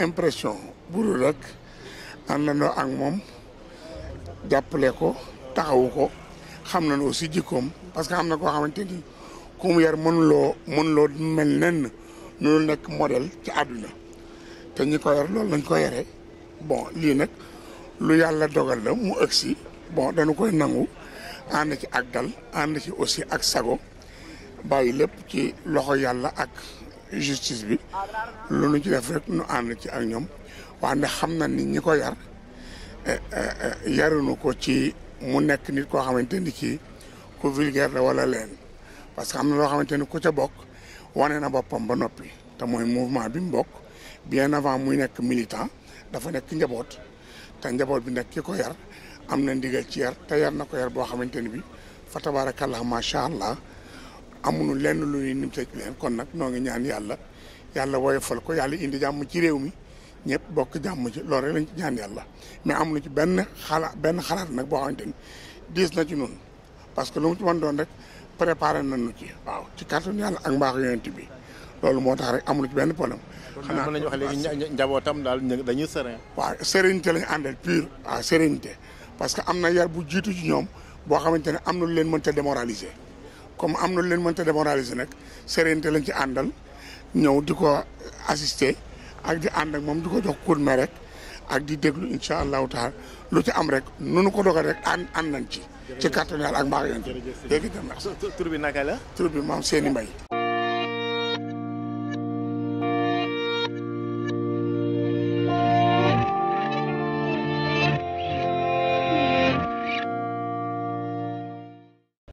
impression bu dul rek àndandoo ak moom jàppale ko taxawu ko xam na nañu aussi jikkoom parce que am na koo xamante ni ku mu yar mënuloo mënuloo mel nenn ñu nekk model ci àdduna te ñi ko yar loolu lañ ko yaree bon lii nag lu yàlla dogal la mu si bon dañu koy nangu ànd ci ak dal ànd ci aussi ak sago bàyyi lépp ci loxo yàlla ak justice bi lu nu ci def rek nu ànd ci ak ñoom waaye ndax xam na ni ñi ko yar eh, eh, yarunu ko ci mu nekk nit koo xamante ni kii ku vulgaire la wala leen parce que am xamante ni ku bokk wane na boppam ba noppi te mooy mouvement bi mu bokk bien avant muy nekk militant dafa nekk njaboot te njaboot bi nekk ki ko yar am na ndigal ci yar te yar na ko yar boo xamante ni bi fa tabarakallah macha allah amuñu lenn luy ñuy nim ci leen kon nag noo ngi ñaan yàlla yàlla woyofal ko yàlla indi jàmm ci réew mi ñëpp bokk jàmm ci loolu rek lañ ci ñaan yàlla mais amuñu ci benn xalaat benn xalaat nag boo xamante ni diis na ci noonu parce que lu mu ci mën doon rek na nañu ci waaw ci kàttanu yàlla ak mbaax yonent bi loolu moo tax rek amuñu ci benn problème. xanaa kon mën nañu wax léegi njabootam daal dañuy serein. waaw sérénité lañu àndal pure waaw sérénité parce que am na yar bu jiitu ci ñoom boo xamante ne am na leen mënta démoraliser. comme am na lu leen mënta démoraliser nag sérénité lañ ci àndal ñëw di ko assister ak di ànd ak moom di ko jox coup de rek ak di déglu incha allahu taala lu ci am rek nu nu ko dogal rek ànd ànd nañ ci. ci kàttan ak mbaax yéen. jërëjëf jërëjëf tur bi naka la. tur bi maam Seeni Mbay